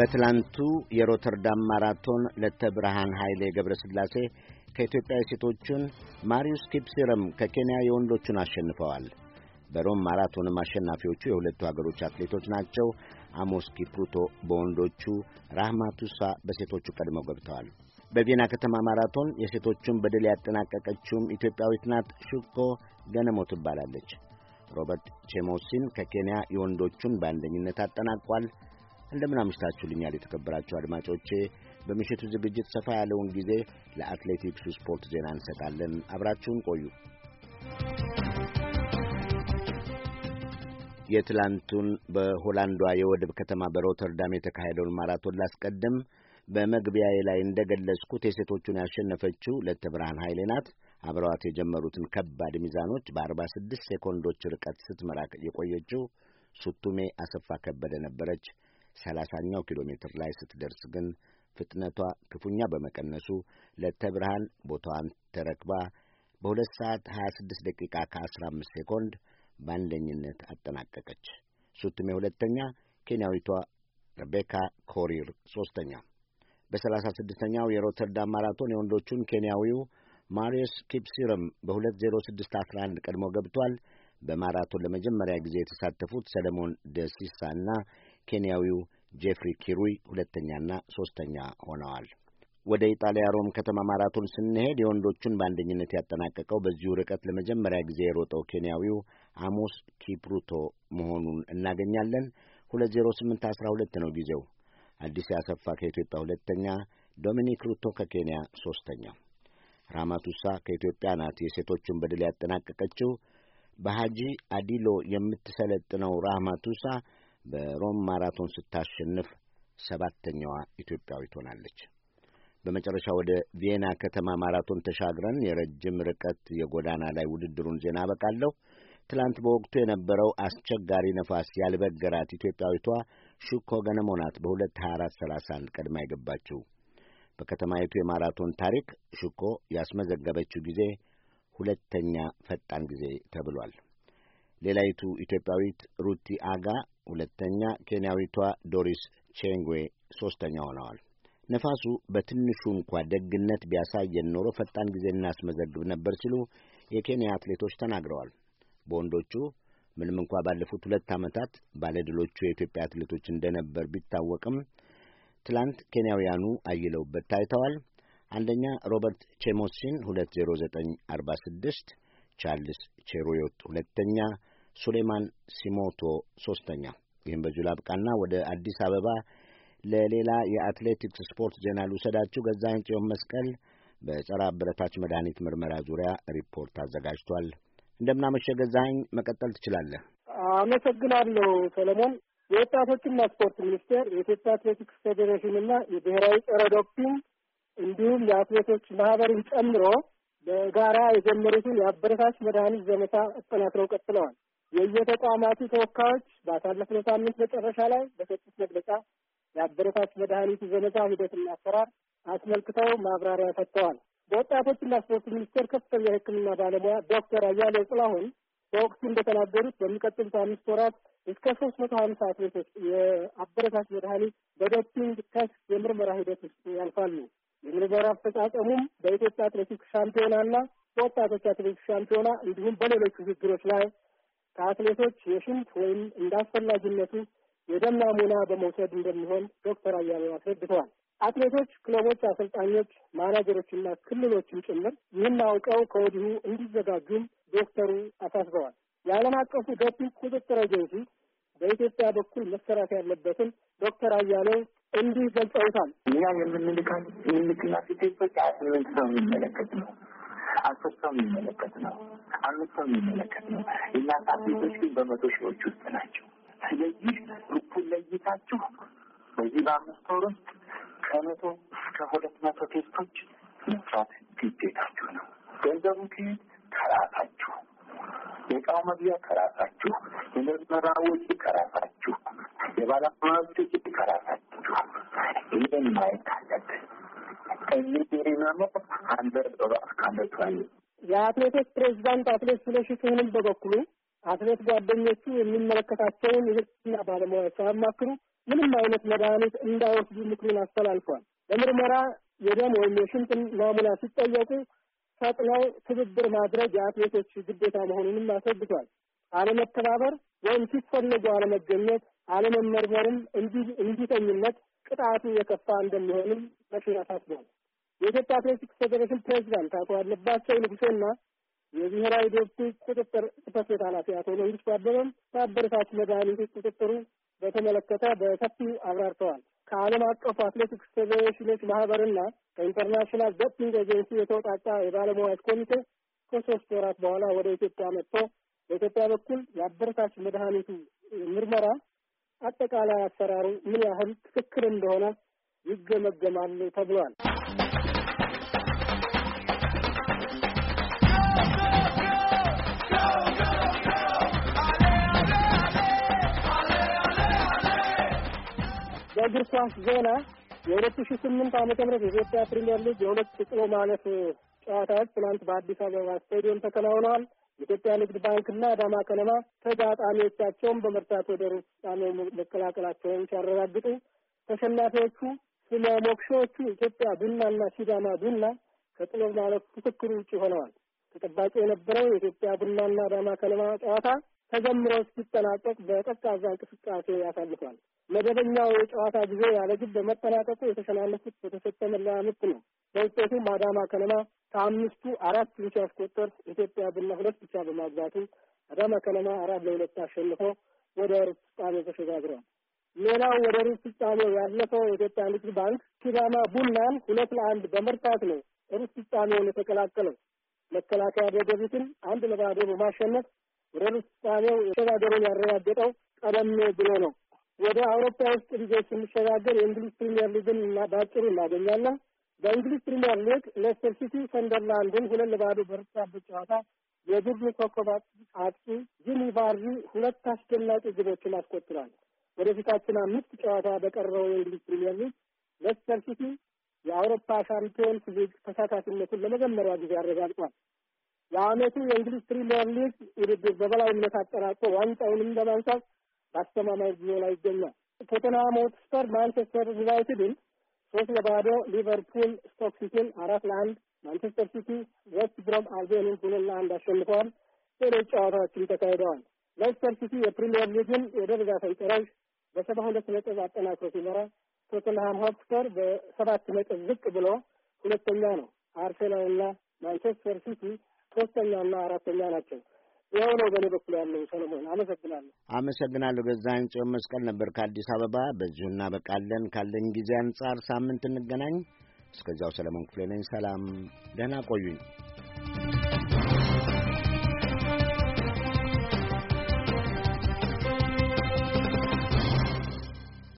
በትላንቱ የሮተርዳም ማራቶን ለተ ብርሃን ኃይሌ ገብረ ስላሴ ከኢትዮጵያ የሴቶቹን ማሪዩስ ኪፕሲረም ከኬንያ የወንዶቹን አሸንፈዋል። በሮም ማራቶንም አሸናፊዎቹ የሁለቱ አገሮች አትሌቶች ናቸው። አሞስ ኪፕሩቶ በወንዶቹ፣ ራህማቱሳ በሴቶቹ ቀድመው ገብተዋል። በቪና ከተማ ማራቶን የሴቶቹን በድል ያጠናቀቀችውም ኢትዮጵያዊት ናት። ሹኮ ገነሞ ትባላለች። ሮበርት ቼሞሲን ከኬንያ የወንዶቹን በአንደኝነት አጠናቋል። እንደምን አምሽታችሁልኛል የተከበራችሁ አድማጮቼ። በምሽቱ ዝግጅት ሰፋ ያለውን ጊዜ ለአትሌቲክሱ ስፖርት ዜና እንሰጣለን። አብራችሁን ቆዩ። የትላንቱን በሆላንዷ የወደብ ከተማ በሮተርዳም የተካሄደውን ማራቶን ላስቀድም። በመግቢያዬ ላይ ገለጽኩት የሴቶቹን ያሸነፈችው ለተብርሃን ኃይሌ ናት። አብረዋት የጀመሩትን ከባድ ሚዛኖች በ ስድስት ሴኮንዶች ርቀት ስትመራ የቆየችው ሱቱሜ አሰፋ ከበደ ነበረች። ሰላሳኛው ኪሎ ሜትር ላይ ስትደርስ ግን ፍጥነቷ ክፉኛ በመቀነሱ ለተብርሃን ቦታዋን ተረክባ በሁለት ሰዓት 26 ደቂቃ ከ15 ሴኮንድ በአንደኝነት አጠናቀቀች። ሱትሜ ሁለተኛ፣ ኬንያዊቷ ሬቤካ ኮሪር ሦስተኛ። በሰላሳ ስድስተኛው የሮተርዳም ማራቶን የወንዶቹን ኬንያዊው ማሪዮስ ኪፕሲረም በሁለት ዜሮ ስድስት አስራ አንድ ቀድሞ ገብቷል። በማራቶን ለመጀመሪያ ጊዜ የተሳተፉት ሰለሞን ደሲሳና ኬንያዊው ጄፍሪ ኪሩይ ሁለተኛና ሦስተኛ ሆነዋል። ወደ ኢጣሊያ ሮም ከተማ ማራቶን ስንሄድ የወንዶቹን በአንደኝነት ያጠናቀቀው በዚሁ ርቀት ለመጀመሪያ ጊዜ የሮጠው ኬንያዊው አሞስ ኪፕሩቶ መሆኑን እናገኛለን። ሁለት ዜሮ ስምንት አስራ ሁለት ነው ጊዜው። አዲስ ያሰፋ ከኢትዮጵያ ሁለተኛ፣ ዶሚኒክ ሩቶ ከኬንያ ሦስተኛ። ራማቱሳ ከኢትዮጵያ ናት የሴቶቹን በድል ያጠናቀቀችው። በሀጂ አዲሎ የምትሰለጥነው ራማቱሳ በሮም ማራቶን ስታሸንፍ ሰባተኛዋ ኢትዮጵያዊት ሆናለች። በመጨረሻ ወደ ቪየና ከተማ ማራቶን ተሻግረን የረጅም ርቀት የጎዳና ላይ ውድድሩን ዜና አበቃለሁ። ትላንት በወቅቱ የነበረው አስቸጋሪ ነፋስ ያልበገራት ኢትዮጵያዊቷ ሹኮ ገነሞ ናት በሁለት ሀያ አራት ሰላሳ አንድ ቀድማ የገባችው። በከተማይቱ የማራቶን ታሪክ ሹኮ ያስመዘገበችው ጊዜ ሁለተኛ ፈጣን ጊዜ ተብሏል። ሌላይቱ ኢትዮጵያዊት ሩቲ አጋ ሁለተኛ፣ ኬንያዊቷ ዶሪስ ቼንግዌ ሦስተኛ ሆነዋል። ነፋሱ በትንሹ እንኳ ደግነት ቢያሳየን ኖሮ ፈጣን ጊዜ እናስመዘግብ ነበር ሲሉ የኬንያ አትሌቶች ተናግረዋል። በወንዶቹ ምንም እንኳ ባለፉት ሁለት ዓመታት ባለድሎቹ የኢትዮጵያ አትሌቶች እንደነበር ቢታወቅም ትላንት ኬንያውያኑ አይለውበት ታይተዋል። አንደኛ ሮበርት ቼሞሲን 20946 ቻርልስ ቼሩዮት ሁለተኛ፣ ሱሌማን ሲሞቶ ሶስተኛ። ይህም በዚሁ ላብቃና ወደ አዲስ አበባ ለሌላ የአትሌቲክስ ስፖርት ዜና ልውሰዳችሁ። ገዛ ጽዮን መስቀል በጸረ አበረታች መድኃኒት ምርመራ ዙሪያ ሪፖርት አዘጋጅቷል። እንደምናመሸ ገዛኝ፣ መቀጠል ትችላለህ። አመሰግናለሁ ሰለሞን። የወጣቶችና ስፖርት ሚኒስቴር የኢትዮጵያ አትሌቲክስ ፌዴሬሽንና የብሔራዊ ጸረ ዶፒንግ እንዲሁም የአትሌቶች ማህበርን ጨምሮ በጋራ የጀመሩትን የአበረታች መድኃኒት ዘመቻ አጠናክረው ቀጥለዋል። የየተቋማቱ ተወካዮች ባሳለፍነው ሳምንት መጨረሻ ላይ በሰጡት መግለጫ የአበረታች መድኃኒቱ ዘመቻ ሂደትና አሰራር አስመልክተው ማብራሪያ ሰጥተዋል። በወጣቶችና ስፖርት ሚኒስቴር ከፍተኛ የሕክምና ባለሙያ ዶክተር አያሌው ጥላሁን በወቅቱ እንደተናገሩት በሚቀጥሉት አምስት ወራት እስከ ሶስት መቶ ሀምሳ አትሌቶች የአበረታች መድኃኒት በዶፒንግ ቴስት የምርመራ ሂደት ውስጥ ያልፋሉ። የምርመራ አፈጻጸሙም በኢትዮጵያ አትሌቲክስ ሻምፒዮናና በወጣቶች አትሌቲክስ ሻምፒዮና እንዲሁም በሌሎች ውድድሮች ላይ ከአትሌቶች የሽንት ወይም እንዳስፈላጊነቱ የደም ናሙና በመውሰድ እንደሚሆን ዶክተር አያሌው አስረድተዋል። አትሌቶች፣ ክለቦች፣ አሰልጣኞች፣ ማናጀሮችና ክልሎችም ጭምር ይህን አውቀው ከወዲሁ እንዲዘጋጁም ዶክተሩ አሳስበዋል። የዓለም አቀፉ ዶፒንግ ቁጥጥር ኤጀንሲ በኢትዮጵያ በኩል መሰራት ያለበትን ዶክተር አያሌው እንዲህ ገልጸውታል። እኛ የምንልካ የምንልክላቸው ቴስቶች አስምንት ነው የሚመለከት ነው አስር ሰው የሚመለከት ነው፣ አምስት ሰው የሚመለከት ነው። የእኛ አትሌቶች ግን በመቶ ሺዎች ውስጥ ናቸው። ስለዚህ ግሩፑን ለይታችሁ በዚህ በአምስት ወር ውስጥ ከመቶ እስከ ሁለት መቶ ቴስቶች መስራት ግዴታችሁ ነው። ገንዘቡ ከየት ከራሳችሁ፣ የእቃው መግቢያ ከራሳችሁ፣ የምርመራ ወጪ ከራሳችሁ፣ የባለሙያዎች ከራሳችሁ። ይህን ማየት አለብን። የአትሌቶች ፕሬዚዳንት አትሌት ስለሺ ስህንም በበኩሉ አትሌት ጓደኞቹ የሚመለከታቸውን የሕክምና ባለሙያዎች ሳያማክሩ ምንም አይነት መድኃኒት እንዳይወስዱ ምክሩን አስተላልፏል። ለምርመራ የደም ወይም የሽንት ናሙና ሲጠየቁ ፈጥነው ትብብር ማድረግ የአትሌቶች ግዴታ መሆኑንም አስረድቷል። አለመተባበር ወይም ሲፈለጉ አለመገኘት፣ አለመመርመርም እንዲተኝነት ቅጣቱ የከፋ እንደሚሆንም መሽን አሳስቧል። የኢትዮጵያ አትሌቲክስ ፌዴሬሽን ፕሬዚዳንት አቶ አለባቸው ንጉሴና የብሔራዊ ዶፒንግ ቁጥጥር ጽሕፈት ቤት ኃላፊ አቶ መንግስቱ አበበም ከአበረታች መድኃኒት ቁጥጥሩ በተመለከተ በሰፊው አብራርተዋል። ከዓለም አቀፉ አትሌቲክስ ፌዴሬሽኖች ማህበርና ከኢንተርናሽናል ዶፒንግ ኤጀንሲ የተውጣጣ የባለሙያዎች ኮሚቴ ከሶስት ወራት በኋላ ወደ ኢትዮጵያ መጥቶ በኢትዮጵያ በኩል የአበረታች መድኃኒቱ ምርመራ አጠቃላይ አሰራሩ ምን ያህል ትክክል እንደሆነ ይገመገማል ተብሏል። በእግር ኳስ ዜና የሁለት ሺ ስምንት ዓመተ ምህረት የኢትዮጵያ ፕሪሚየር ሊግ የሁለት ጥሎ ማለፍ ጨዋታዎች ትናንት በአዲስ አበባ ስቴዲየም ተከናውነዋል። የኢትዮጵያ ንግድ ባንክና አዳማ ከነማ ተጋጣሚዎቻቸውን በመርታት ወደ ሩብ ፍጻሜ መቀላቀላቸውን ሲያረጋግጡ ተሸናፊዎቹ ስለ ሞክሾዎቹ ኢትዮጵያ ቡናና ሲዳማ ቡና ከጥሎ ማለፍ ፉክክሩ ውጭ ሆነዋል። ተጠባቂ የነበረው የኢትዮጵያ ቡናና አዳማ ከነማ ጨዋታ ተጀምሮ ሲጠናቀቅ በቀዝቃዛ እንቅስቃሴ ያሳልፏል። መደበኛው የጨዋታ ጊዜ ያለ ግብ በመጠናቀቁ የተሸናነፉት በተሰጠ መለያ ምት ነው። በውጤቱ አዳማ ከነማ ከአምስቱ አራት ብቻ ያስቆጠር ኢትዮጵያ ቡና ሁለት ብቻ በማግዛቱ አዳማ ከነማ አራት ለሁለት አሸንፎ ወደ ሩብ ፍጻሜ ተሸጋግሯል። ሌላው ወደ ሩብ ፍጻሜ ያለፈው የኢትዮጵያ ንግድ ባንክ ሲዳማ ቡናን ሁለት ለአንድ በመርታት ነው ሩብ ፍጻሜውን የተቀላቀለው። መከላከያ ደደቢትን አንድ ለባዶ በማሸነፍ ወደ ምሳሌው ያረጋገጠው ቀደም ብሎ ነው። ወደ አውሮፓ ውስጥ ልጆች ስንሸጋገር የእንግሊዝ ፕሪሚየር ሊግን በአጭሩ እናገኛለን። በእንግሊዝ ፕሪሚየር ሊግ ሌስተር ሲቲ ሰንደርላንድን ሁለት ለባዶ በረታበት ጨዋታ የቡድኑ ኮከብ አጥቂ ጂሚ ቫርዲ ሁለት አስደናቂ ግቦችን አስቆጥሯል። ወደፊታችን አምስት ጨዋታ በቀረው የእንግሊዝ ፕሪሚየር ሊግ ሌስተር ሲቲ የአውሮፓ ሻምፒዮንስ ሊግ ተሳታፊነቱን ለመጀመሪያ ጊዜ አረጋግጧል። የአመቱ የእንግሊዝ ፕሪሚየር ሊግ ውድድር በበላይነት አጠናቆ ዋንጫውንም ለማንሳት በአስተማማኝ ጊዜ ላይ ይገኛል። ቶተንሃም ሆትስፐር ማንቸስተር ዩናይትድን ሶስት ለባዶ፣ ሊቨርፑል ስቶክ ሲቲን አራት ለአንድ፣ ማንቸስተር ሲቲ ዌስት ብሮም አልቤንን ሁለት ለአንድ አሸንፈዋል። ሌሎች ጨዋታዎችም ተካሂደዋል። ሌስተር ሲቲ የፕሪሚየር ሊግን የደረጃ ሰንጠረዥ በሰባ ሁለት ነጥብ አጠናክሮ ሲመራ ቶተንሃም ሆትስፐር በሰባት ነጥብ ዝቅ ብሎ ሁለተኛ ነው። አርሴናልና ማንቸስተር ሲቲ ሶስተኛና አራተኛ ናቸው። ይኸው ነው በእኔ በኩል ያለው። ሰለሞን አመሰግናለሁ። አመሰግናለሁ። ገዛኸኝ ጽዮን መስቀል ነበር ከአዲስ አበባ። በዚሁ እናበቃለን። ካለኝ ጊዜ አንጻር ሳምንት እንገናኝ። እስከዚያው ሰለሞን ክፍሌ ነኝ። ሰላም፣ ደህና ቆዩኝ።